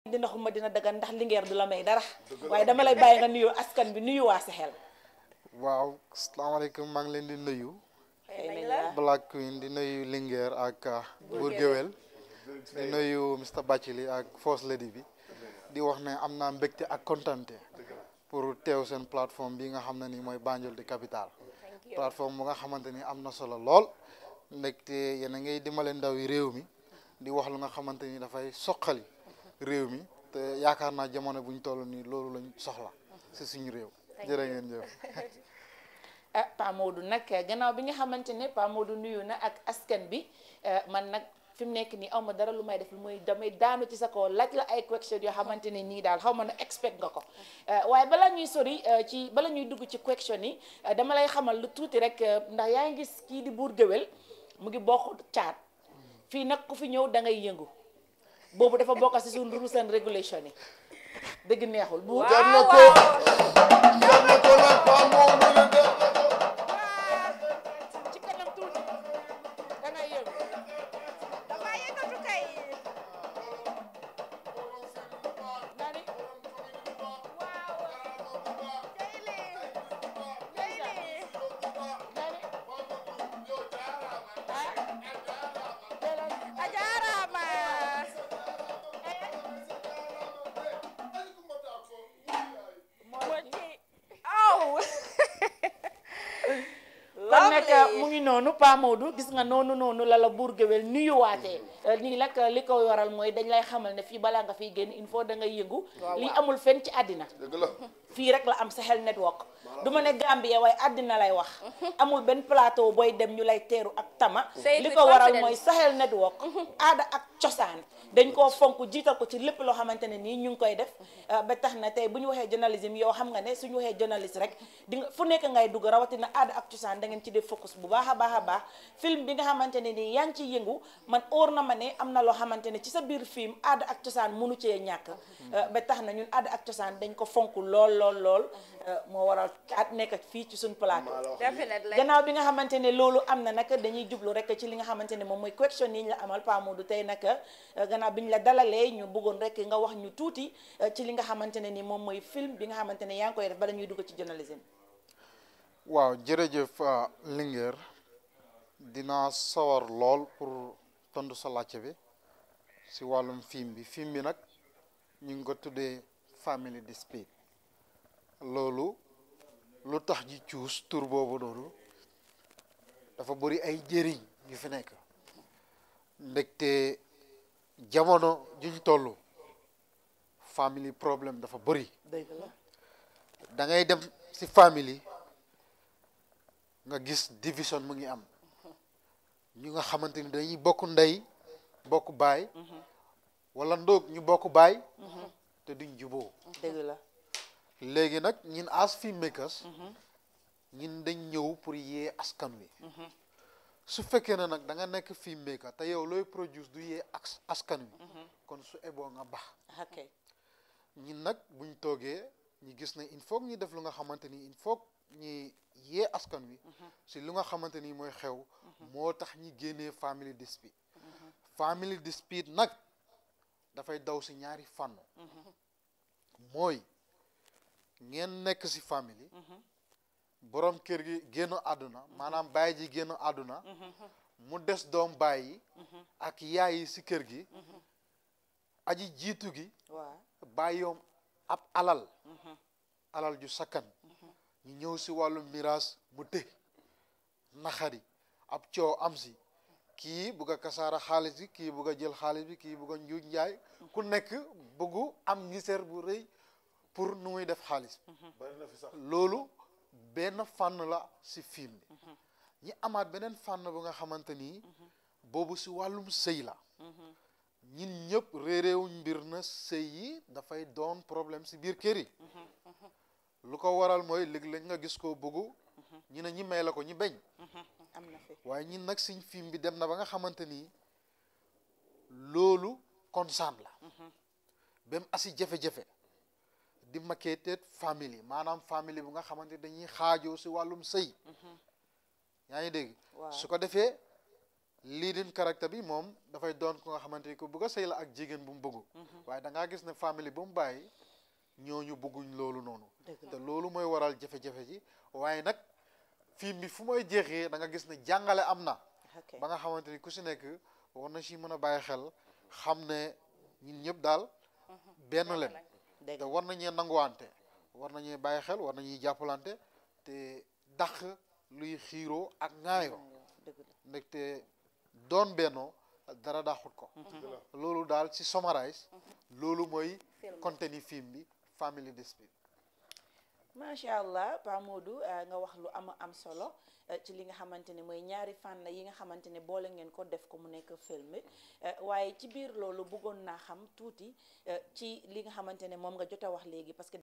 Di xuma dina dagan ndax lingeer du la may dara waye dama lay baye nga nuyu askan bi nuyu waa Sahel waw assalamu alaykum mang len di nuyu Black Queen di nuyu lingeer ak uh, buur di nuyu Mr bachili ak First Lady bi di wax ne amna mbekté ak contenté pour tew sen plateforme bi nga xamna ni moy banjol di capital plateforme mo nga xamanteni amna solo lol. ndegte yena ngay dimbalé ndaw yi rew mi di wax lu nga xamanteni da fay soqali réew mi te yaakaar naa jamono bu ñu toll nii loolu lañ soxla si suñu réew jërë ngeen jëf ah eh, Pa Modou nag gannaaw bi nga xamante ne Pa Modou nuyu na ak askan bi eh, man nag fi mu nekk nii aw ma dara lu may def lu may damay daanu ci sa kaw laaj la ay question yoo xamante ne nii daal xaw ma na expect nga ko eh, waaye balaa ñuy sori ci bala ñuy dugg ci question yi dama lay xamal lu tuuti rek ndax yaa ngi gis kii di buur géwél mu ngi bokk caat fii nag ku fi ñëw da ngay yëngu boobu dafa bokk ci suñu rules and regulation yi dëgg neexul. bu jot kon nag eh, mu ngi noonu Pa gis nga noonu noonu la la buur géwél nuyuwaatee eh, nii nag eh, li ko waral mooy dañ lay xamal ne fii balaa nga fiy génn il faut dangay ngay yëngu lii amul fenn ci àddina fii rek la am Sahel Network du ma ne Gambie waaye àddina lay wax. amul benn plateau booy dem ñu lay teeru ak tama. li ko waral mooy Sahel Network. aada ak cosaan dañ koo fonk jiital ko ci lépp loo xamante ne nii ñu ngi koy def. Euh, ba tax na tey bu ñu waxee journalisme yow xam nga ne suñu waxee journaliste rek di fu nekk ngay dugg rawatina aada ak da ngeen ci def focus bu baax a baax a baax film bi nga xamante ne nii yaa ngi ciy yëngu man óor na ma ne am na loo xamante ne ci sa biir film aada ak cosaan munu cee ñàkk. Euh, ba tax na ñun aada ak cosaan dañ ko fonk lool lool lool moo waral at nekk fii ci suñ plateau gannaaw bi nga xamante ne loolu am na naka dañuy jublu rek ci li nga xamante ne moom mooy question yi ñu la amal Pa Modou tey naka euh, gannaaw bi ñu la dalalee ñu bëggoon rek nga wax ñu tuuti euh, ci li nga xamante ne ni moom mooy film bi nga xamante ne yaa ngi koy def bala ñuy dugg ci journalisme waaw jërëjëf euh, Linguère dinaa sawar lool pour tontu sa laajte bi si wàllum film bi film bi nag ñu ngi ko tuddee family dispute lolu lu tax ñi cuus tur boobu noonu dafa bari ay njëriñ yu fi nek ndegte jamono juñ tollu family problem dafa bari da ngay dem si family nga gis division mu ngi am ñu nga xamanteni dañuy bokku nday bokku bay mhm. wala ndoog ñu bokku bay mhm. te duñ jubo deug la léegi nag ñin as filmmakers mhm. ñin dañ ñëw pour yee askan wi mhm. su fekkee ne nag danga nekk nekk filmmaker te yow looy produce du yee askan wi mhm. kon su eboo nga baax ñin nag buñ toogee ñi gis ne il faut ñi def lu nga xamante ni il faut ñi yee askan wi si lu nga xamante ni mooy xew moo tax ñi génnee family dispute family dispute nag dafay daw si ñaari fànn mooy ngeen nekk ci famille. Mhm. borom kër gi génn àdduna mhm. maanaam baay ji génn àdduna mhm. mu des doom baay yi ak yaay yi si kër gi aji jiitu gi bàyyoom ab alal alal ju sakkan ñu ñëw si wàllu miraas mu të naxari ab coow am si kii bugg kasaara xaalis bi kii bugg a njaay ku nekk buggu am ngiseer bu rëy pour nu muy def xaalis mhm. loolu benn fànn la si film ni mhm. ñi amaat beneen fànn bu nga xamante ni mhm. boobu si wàllum la ñin ñëpp réeréewuñ mbir na sëy yi dafay doon problème si bir kër yi lu ko waral mooy lig léeg nga gis koo bëggu ñi ne ñi may la ko ñi beñ fi ñin film bi dem na ba nga xamante ni loolu concerne la bém asi jafe-jafe di maquetted family maanaam family bu nga xamante dañuy xaajoo si wàllum sëy mhm. yaa ngi dégg su ko defee leading character bi moom dafay doon ko nga xamante ni ku bëgg a sëy la ak jigéen bu mu bëggu mhm. da ngaa gis ne family bu mu bàyyi ñooñu bëgguñ loolu noonu loolu mooy waral jafe-jafe ji waaye nag film bi fu mooy jeexee da nga gis ne jàngale am na nga xamante ni ku si nekk war na si mën a bàyyi xel xam ne ñun ñëpp daal mhm. benn leen te war nañee nanguwante war nañee bàyyi xel war nañuy jàppalante te dàq luy xiiroo ak ŋaayoo ndaxte doon bennoo dara daaxut ko mm-hmm. loolu daal ci summarize mm-hmm. loolu mooy contenu film bi Family Dispute Masya allah Pa Modou eh, nga wax lu am am solo eh, ci li nga xamantene ne ñaari fan la yi nga xamantene ne la ngeen ko def ko mu nek film eh, waye ci bir lolu bëggon na xam tuuti ci li nga xamantene ne nga jotta wax legi parce